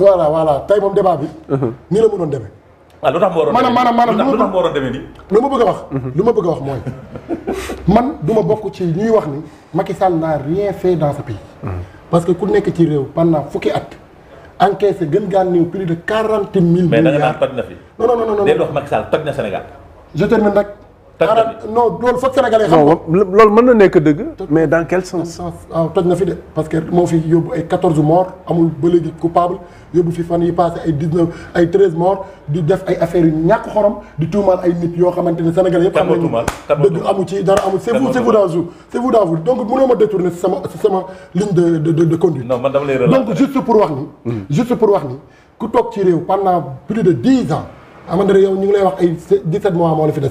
voilà voilà tey moom débat bi. Uh-huh. nii la mënoon demee. waaw ah, lu tax moo waroon demee maanaam maanaam lu tax moo waroon demee nii. lu ma bëgg a wax. Uh-huh. lu ma bëgg a wax mooy man du ma bokk ci ñuy wax ni Macky Sall n'a rien fait dans ce pays. Uh-huh. parce que ku nekk ci réew pendant fukki at. encaissé gën gaa néew plus de quarante mille. milliards mais da nga naan toj na fi. non non non non déedéet wax Macky Sall na Sénégal. je termine nag. non loolu foog sénégalais xam ko loolu mën na nekk dëgg. mais dans quel sens. ah toj na fi de parce que moo fi yóbbu ay 14 morts amul ba léegi coupable yóbbu fi fan yi passé ay 19 ay 13 morts di def ay affaires yu ñàkk xorom di tuumaal ay nit yoo xamante ne sénégalais yëpp. xam nañu dëgg amu ci dara amul. c'est vous c'est dans vous donc sama sama ligne de de de juste pour wax ni. Hmm. juste pour wax ni ku toog ci réew pendant plus de 10 ans. Amandé yow ñu ngi lay wax ay 17 mois moo la fi des.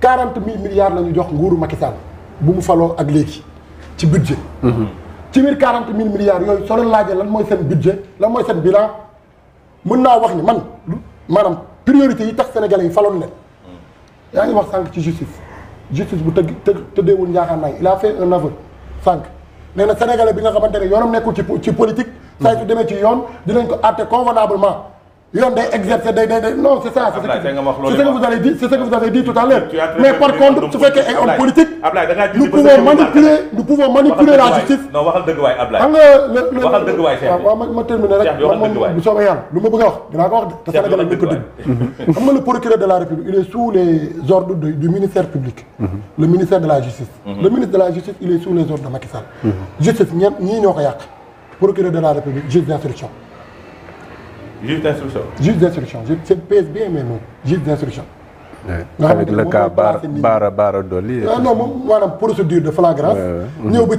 quarante mille milliards la ñu jox nguuru Macky Sall bu mu faloo ak léegi ci budget mhm. ci biir quarante mille milliards yooyu solo leen lan mooy seen budget lan mooy seen bilan mën naa wax ni man maanaam priorité yi tax sénégalais yi faloon leen mhm. yaa ngi wax sànq ci justice justice bu tëgg të tëddeewul njaaxaan naay il a fait un aveu sànq nee na sénégalais bi nga xamante ne yoonam nekkul ci ci politique mhm. saa su demee ci yoon dinañ ko àtte convenablement yoon day exercer day day day non c' est ça. Ablaye nga wax loolu c' est ce que vous avez dit c' est ce que vous avez dit tout à l'heure mais par contre su fekkee ay homme politique. nous pouvons manipuler nous pouvons manipuler la justice. non waxal dëgg waay Ablaye. xam nga le le waxal dëgg waay Cheikh bi waaw ma ma terminer rek. Cheikh bi waxal dëgg waay bu soobee yàlla lu ma bëgg a wax. dinaa ko wax de te Sénégal ñu ko dégg. xam nga le procureur de la République il est sous les ordres du ministère public. Mhm. le ministère de la justice. Mhm. le ministre de la justice il est sous les ordres de Macky Sall. Mhm. justice ñeent ñii ñoo ko yàq procureur de la République juge d'instruction juge d'instruction. juge d'instruction je pèse bien mes mots juge d'instruction. nga xam ne le cas baara baara baara dolli. ah non moom maanaam procédure de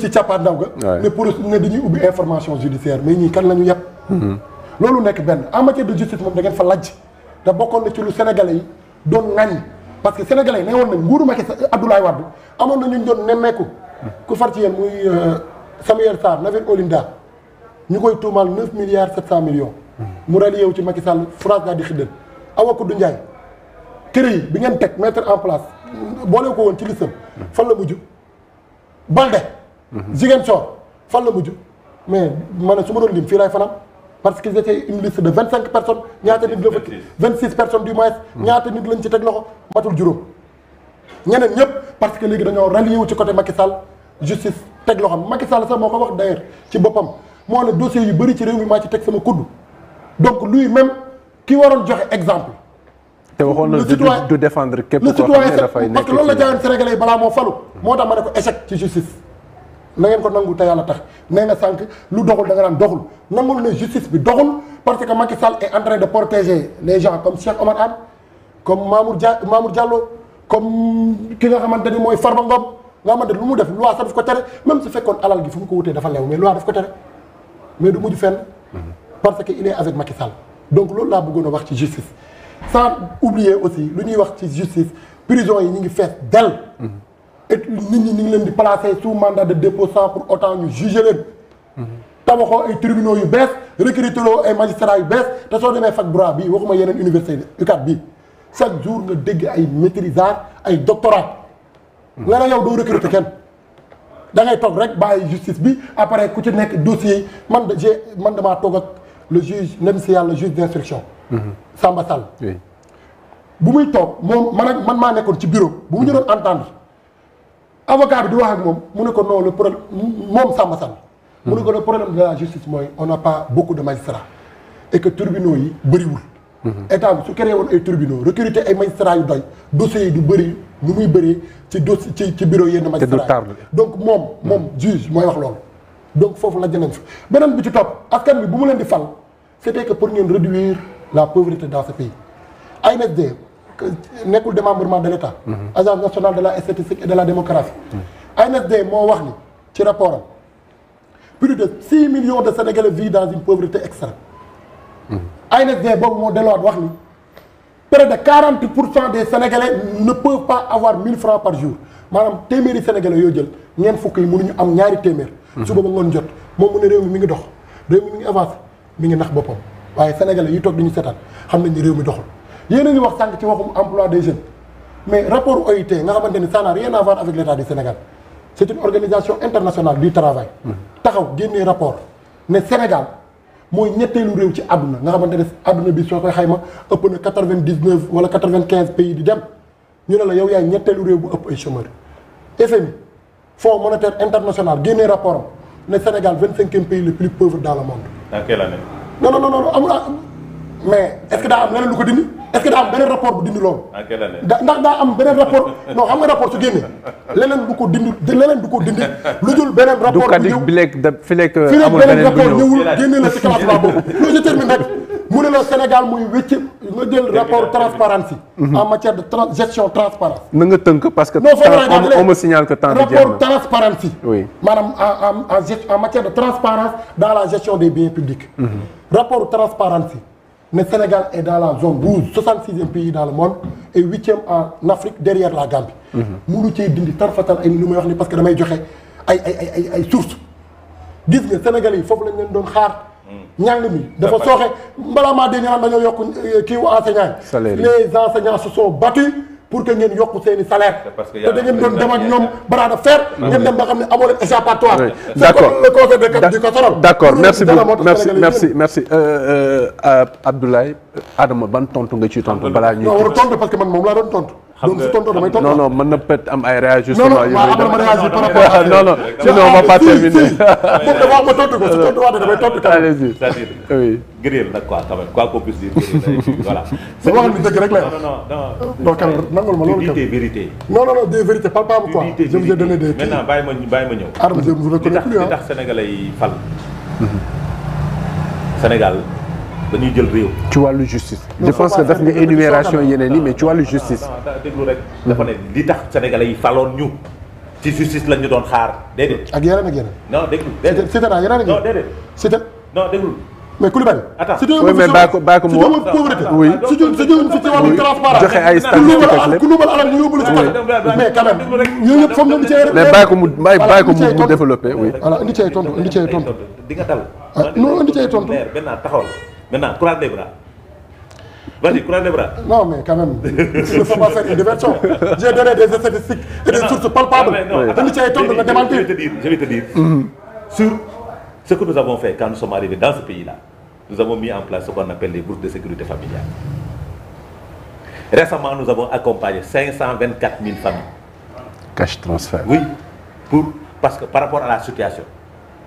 ci cappaandaw ga. ne pour ne dañuy ubbi information judiciaire mais ñii kan la ñu yàpp. Mm-hmm. loolu nekk benn en matière de justice moom da fa lajj te bokkoon na ci lu sénégalais yi doon ŋaññi parce que sénégalais yi ne woon na nguuru Macky euh, Abdoulaye Wade amoon na ñu doon nemmeeku. ku far ci yéen muy euh, Samuel Sarr Navel Olinda ñu koy tuumaal neuf milliards sept cent mu rali yow ci Macky Sall France daal di xiddal Awa Koudou Ndiaye kër yi bi ngeen teg mettre en place boole ko woon ci listam fan la mujj Balde Ziguinchor fan la mujj mais ma ne su ma doon lim fii laay fanam parce qu'ils étaient une liste de vingt cinq personnes ñaata nit la fa vingt six personnes du lañ ci teg loxo matul juróom ñeneen ñëpp parce que léegi dañoo rallié wu ci côté Macky Sall justice teg loxo Macky sax moo ko wax d'ailleurs ci boppam moo ne dossier yu bëri ci réew mi maa ci teg sama kudd donc luy même ki waroon joxe exemple. te waxoon na du du défendre képp koo xam nekk parce la jaayoon Sénégalais yi balaa moo falu. moo tax ma ne ko échec ci justice. na ko nangu te yàlla tax nee nga sànq lu doxul da nga naan doxul nangul ne justice bi doxul parce que Macky Sall est en train de protéger les gens comme Cheikh Omar Anne comme Mamour Dia Mamour Diallo comme ki nga xamante ni mooy Farba Ngom nga xamante lu mu def loi sax daf ko tere même su fekkoon alal gi fu mu ko wutee dafa lew mais loi daf ko mais du mujj parce que il est avec Macky donc loolu laa bëggoon a wax ci justice sans oublier aussi lu ñuy wax ci justice prison yi ñu ngi fees del et nit ñi ñu ngi leen di placer sous mandat de dépôt sans pour autant ñu juger leen tabaxoo ay tribunaux yu bees recruter loo ay magistrats yu bees te soo demee fac droit bi waxuma yeneen université UCAD bi chaque jour nga dégg ay maîtrisards ay doctorats nga ne yow doo recruter kenn da ngay toog rek bàyyi justice bi après ku ci nekk dossier man de man damaa toog ak le juge nem si yàlla juge d'instruction. Mhm. Samba Sall. bu muy toog moom man ak man maa nekkoon ci bureau bu mu ñu doon entendre avocat bi di wax ak moom mu ne ko non le problème moom Samba Sall. mu ne ko le problème de la justice mooy on n'a pas beaucoup de magistrats et que yi bëriwul. Mhm. état bi su créé woon ay tribunaux recruter ay magistrats yu doy dossiers yi du bëri ñu muy bëri ci dossier ci ci bureau yenn magistrats donc moom moom mhm. juge mooy wax loolu. donc foofu la jënañ fa beneen bi ci topp askan bi bu mu leen di fal c'était que pour ngeen réduire la pauvreté dans ce pays ANSD nekkul démembrement de l'État mhm. agence nationale de la statistique et de la démographie mhm. ANSD moo wax ni ci rapport am plus de six million de Sénégalais vivent dans une pauvreté extrême mhm. ANSD boobu moo delluwaat wax ni près de quarante pour cent des Sénégalais ne peuvent pas avoir mille francs par jour maanaam téeméeri Sénégalais yoo jël ñeent fukk yi mënuñu am ñaari téeméer suba ba ngoon jot moo mu ne réew mi mi ngi dox réew mi mi ngi avancé mi ngi nax boppam waaye sénégalais yi toog di ñu seetaan xam nañ ne réew mi doxul yéen a ngi wax sànq ci waxum emploi des jeunes mais rapport OIT nga xamante ni ça n'a rien à voir avec l'état du Sénégal c'est une organisation internationale du travail taxaw génnee rapport ne Sénégal mooy ñetteelu réew ci àdduna nga xamante ne adduna bi soo koy xayma ëpp na quatre vingt wala quatre-vingt-quinze pays di dem ñu ne la yow yaay ñetteelu réew bu ëpp ay chômeurs FMI foo monétaire international génnee rapport am ne Sénégal vingt cinquième pays le plus pauvre dans le monde. dans quelle année. non non non non amul ah, mais est daa am leneen lu ko dindi est daa am beneen rapport bu dindi loolu. dans quelle année ndax daa am beneen rapport non xam nga rapport su génne leneen du ko dindi du ko dindi lu dul beneen. rapport bu ñëw du kat bi léegi da fi léegi beneen bu ñëw fii léegi beneen rapport ñëwul génne la si classement boobu loolu je termine rek. mu ne la Sénégal muy wécc nga jël rapport transparence yi mhm. en matière de gestion transparence na nga tënk parce que on me signale que temps bi jeex na rapport transparence yi de transparence dans la gestion des biens publics mhm. rapport transparence yi ne Sénégal est dans la zone rouge soixante-sixième pays dans le monde et huitième en Afrique derrière la Gambie mhm. munu cee dindi tarfatal ay ni lu may wax ni parce que damay joxe ay ay ay ay source gis nga Sénégalais yi foofu lañ leen doon xaar njàng mi dafa sooxe balaa maa dee ñu naan dañoo yokk euh, kii wu enseignant yi les enseignants se sont battus pour que ngeen yokk seen i salaire te da ngeen doon dem ak ñoom bras de fer ah ngeen dem ba xam ne amoo leen échappatoire d'accord le conseil de cap di ko sonal d'accord merci beaucoup merci merci merci euh, euh, Abdoulaye Adama ban tontu nga ciy tontu balaa ñuy tontu parce que man moom laa doon tontu donc su tontoo damay tontoo non non mën na peut am ay réajustement. non non waaw am na ma réagir par rapport ak non non sinon on va pas terminer. moom dafa wax ma tontu ko su tontu waatee damay tontu kan. c'est-à-dire oui. gëreel nag quoi quand même quoi qu'on puisse dire voilà. sa waxal bi dëgg rek la non non non. donc kan nangul ma loolu vérité vérité. non non non des vérités palpables quoi. je vous ai donné des maintenant bàyyi ma bàyyi ma ñëw. Arma je vous reconnais plus li tax Sénégalais yi fal. Mhm. Sénégal. dañuy jël réew. ci wàllu justice. je pense que daf nga énumération yeneen yi mais ci wàllu justice. déglu rek. dafa ne li tax sénégalais yi faloon ñu. ci justice lañ ñu doon xaar déedéet. ak yeneen ak yeneen. non déglu déedéet c'est à yeneen ak yeneen. non déedéet c'est à. non déglu. mais Coulibaly. attends si oui mais bàyyi ko bàyyi ko mu wax oui si joxe ay statistiques ak lépp mais quand même yooyu yëpp foog nga indi ci ay mais bàyyi ko mu bàyyi ko mu développé oui. voilà indi ci ay tontu indi ci ay tontu. di nga dal. Ah, non indi ci ay tontu. benn taxawal. maintenant croise les bras. vas-y croise les bras. non mais quand même. nous sommes en fait une des statistiques et des sources palpables. Ah, te ci ay je vais te dire sur ce que nous avons fait quand nous sommes arrivés dans ce pays-là nous avons mis en place ce qu'on appelle les bourses de sécurité familiale. Récemment, nous avons accompagné 524 000 transfert. Oui, parce que par rapport à la situation.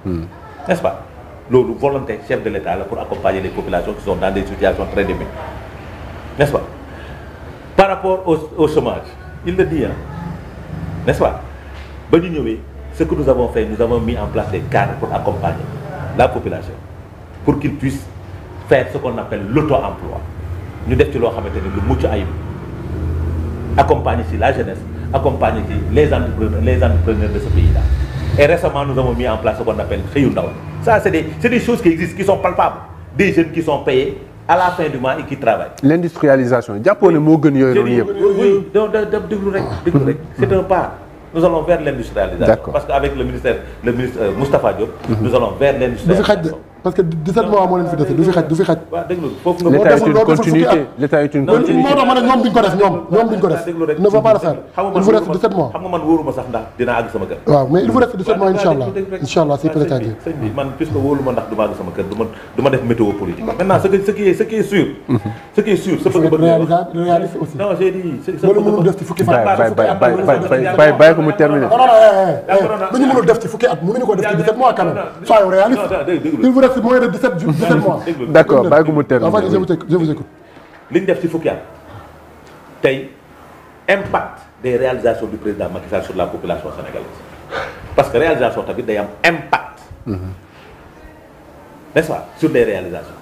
Hmm. N'est-ce pas loolu volonté chef de l'État la pour accompagner les populations qui sont dans des situations très démunies n'est-ce pas par rapport au au chômage il le dit hein n'est-ce ba ñu ñëwee ce que nous avons fait nous avons mis en place des cadres pour accompagner la population pour qu'ils puissent faire ce qu'on appelle l'auto-emploi ñu def ci loo xamante ni lu mucc ayib accompagner si la jeunesse accompagner ci les entrepreneurs les entrepreneurs de ce pays-là Et récemment, nous avons mis en place ce qu'on appelle Khayou Ça, c'est des, choses qui existent, qui sont palpables. Des jeunes qui sont payés à la fin du mois et qui travaillent. L'industrialisation. Diapone Oui, oui. Mm-hmm. c'est un pas. Nous allons vers l'industrialisation. Parce qu'avec le ministère, le ministre euh, Moustapha mm-hmm. nous allons vers l'industrialisation. parce que 17 mois moo leen fi dese du fi xaj du fi xaj. waaw dégg nga foofu nga l'état est une continuité l'état est une continuité moo tax ma ne ñoom duñ ko def ñoom ñoom duñ ko def. il ne faut pas le faire il vous reste 17 mois. xam nga man wóoruma sax ndax dinaa àgg sama kër. waaw mais il vous reste 17 mois incha allah incha allah c'est peut-être à dire. sëñ bi man puisque wóoruma ndax du ma àgg sama kër du ma du ma def météo politique. maintenant ce qui ce qui est ce qui est sûr. ce qui est sûr sa bëgg-bëgg. réaliste aussi. non j'ai dit. loolu mënul def ci fukki fan. bàyyi bàyyi bàyyi bàyyi bàyyi ko mu terminé. non non non non ñu mënul def ci fukki at mënuñu ko def ci 17 mois quand même soyons réaliste c'est moins de 17 d'accord bàyyi ko mu terminer li ñu def ci fukki at tey impact des réalisations du président Macky Sall sur la population sénégalaise parce que réalisation tamit day am impact. Mm-hmm. n'est-ce pas sur des réalisations.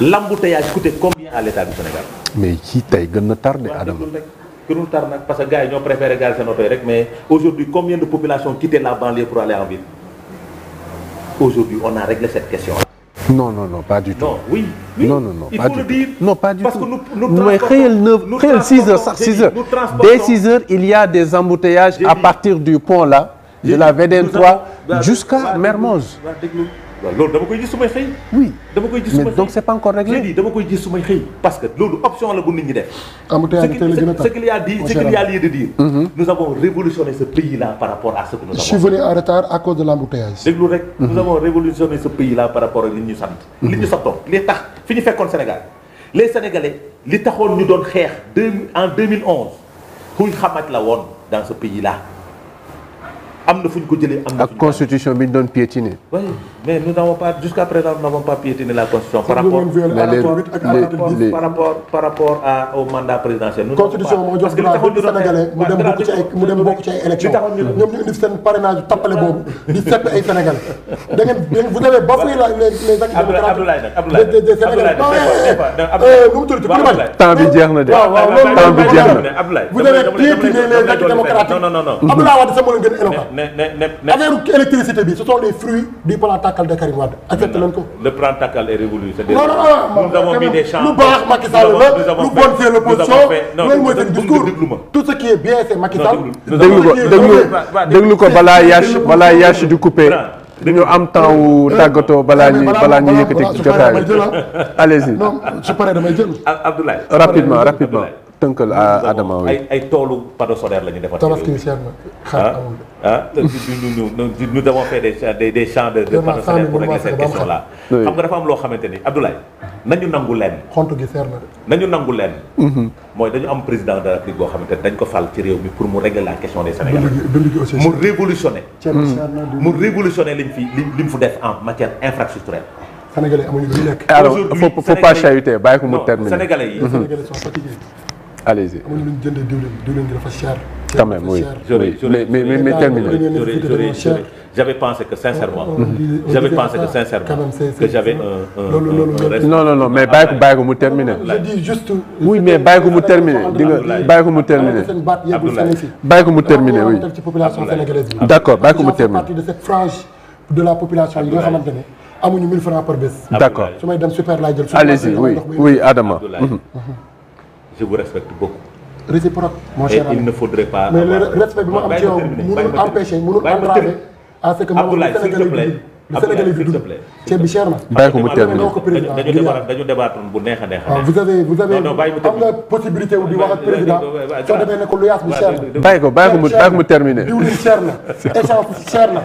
l'embouteillage coûté combien à l'État du Sénégal. mais ci tey gën na tardé Adama gënul tar nag parce que gars ñoo préféré gaal seen oto yi rek mais aujourd'hui combien de population quitté la banlieue pour aller en aujourd'hui on a réglé cette question là. non non non pas du tout. non oui oui non, non, non, il faut le dire. non pas du parce tout parce que nous nous mooy xëyal 9 xëyal 6 heures sax 6 heures. dès 6 heures il y a des embouteillages à partir du pont là. de la VDN 3 jusqu'à Mermoz. waaw loolu dama koy gis su may xëy. oui dama koy gis su may xëy mais donc c'est parce que loolu option la bu nit ñi def. amatuma tey la gën a tax ce qu'il y a dit mm-hmm. ce par rapport à ce que nous avons. je suis venu en retard à cause de l'embouteillage. déglu rek. Mm-hmm. nous avons révolutionné ce pays là par rapport ak li ñu sant. li ñu santoon li tax fi ñu fekkoon Sénégal les Sénégalais li taxoon ñu doon xeex deux en 2011 kuñ xamat la woon dans ce pays là am na fu ñu ko jëlee. am na fu ñu ko ak constitution bi ñu doon piétiner. mais nous n'avons pas jusqu'à présent nous n'avons pas piétiné la constitution par rapport par rapport par rapport à au mandat présidentiel. constitution moo jox droit bi sénégalais mu dem bokk ci ay mu dem bokk ci ay élections ñoom ñu indi seen parrainage tappale boobu di sepp ay sénégalais da ngeen vous avez bafoué la les les actes démocratiques des sénégalais nu mu tudd ci Coulibaly temps bi jeex na de temps bi jeex na vous avez piétiné les actes démocratiques Abdoulaye Wade sa mën a gën éloquent affaire électricité bi ce sont les fruits du plan tàkkal de Karim Wade accepté leen ko. le plan tàkkal est ba c'est non non nous avons mis des champs lu baax Macky Sall la lu bon c'est l'opposition loolu mooy seen discours tout ce qui est bien c'est Macky Sall. déglu ko déglu déglu ko balaa Yash balaa Yash di coupé. dañu am temps wu tàggatoo balaa ñuy balaa ñuy yëkkati jotaay allez-y non su paree damay jël Abdoulaye rapidement rapidement tënkal Adama ay ay toolu panneau solaire la ñu defar. tabaski bi seen xar amul ah ñu ñu nous avons fait des des champs de de panneau solaire pour régler cette question là. xam nga dafa am loo xamante ni Abdoulaye nañu nangu lenn. xont gi seer na de. nañu nangu lenn. Mhm. mooy dañu am président de la République boo xamante ni dañ ko fal ci réew mi pour mu régler la question des Sénégalais. mu révolutionné. Mhm. mu révolutionné liñ fi li mu fu def en matière infrastructurelle. Sénégalais amuñu lu ñu lekk. alors faut faut pas chahuter bàyyi ko mu terminer. Sénégalais yi. Sénégalais mhm. sont fatigués. allez-y. amuñu lu ñu jëndee diwlin mais mais mais terminé. j'avais pensé que sincèrement. j'avais pensé que sincèrement. que non non non mais bàyyi ko bàyyi ko mu terminé. je dis juste. oui mais bàyyi ko mu terminé di nga bàyyi ko mu terminé. Abdoulaye bàyyi ko mu terminé oui. ci population sénégalaise bi. d'accord bàyyi ko mu terminé. partie de cette frange de xamante ne amuñu 1000 may dem super laay je vous respecte beaucoup. réciproque mon il ne faudrait pas. mais le respect bi ma am ci yow mënul empêcher mënul entraver à ce que Abdoulaye lu Sénégalais bi dund ceeb bi cher na. bàyyi ko mu terminé dañu dañu débattre bu neex a neex a ah, vous avez vous avez am nga possibilité wu di wax ak président soo demee ne ko lu yaas bi cher na. bàyyi ko bàyyi ko mu bàyyi ko mu terminé. diwlin cher na essence bi cher na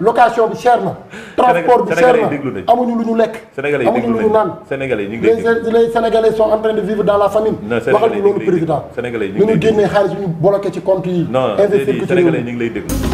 location bi cher na. transport bi cher na amuñu lu ñu lekk. Sénégalais yi déglu nañu amuñu lu ñu naan. Sénégalais yi les les Sénégalais sont en train de vivre dans la famine. waxal ñu loolu président. Sénégalais yi ñu ngi lay déglu ñu génnee xaalis ñu bloqué ci compte yi. investir ko ci réew mi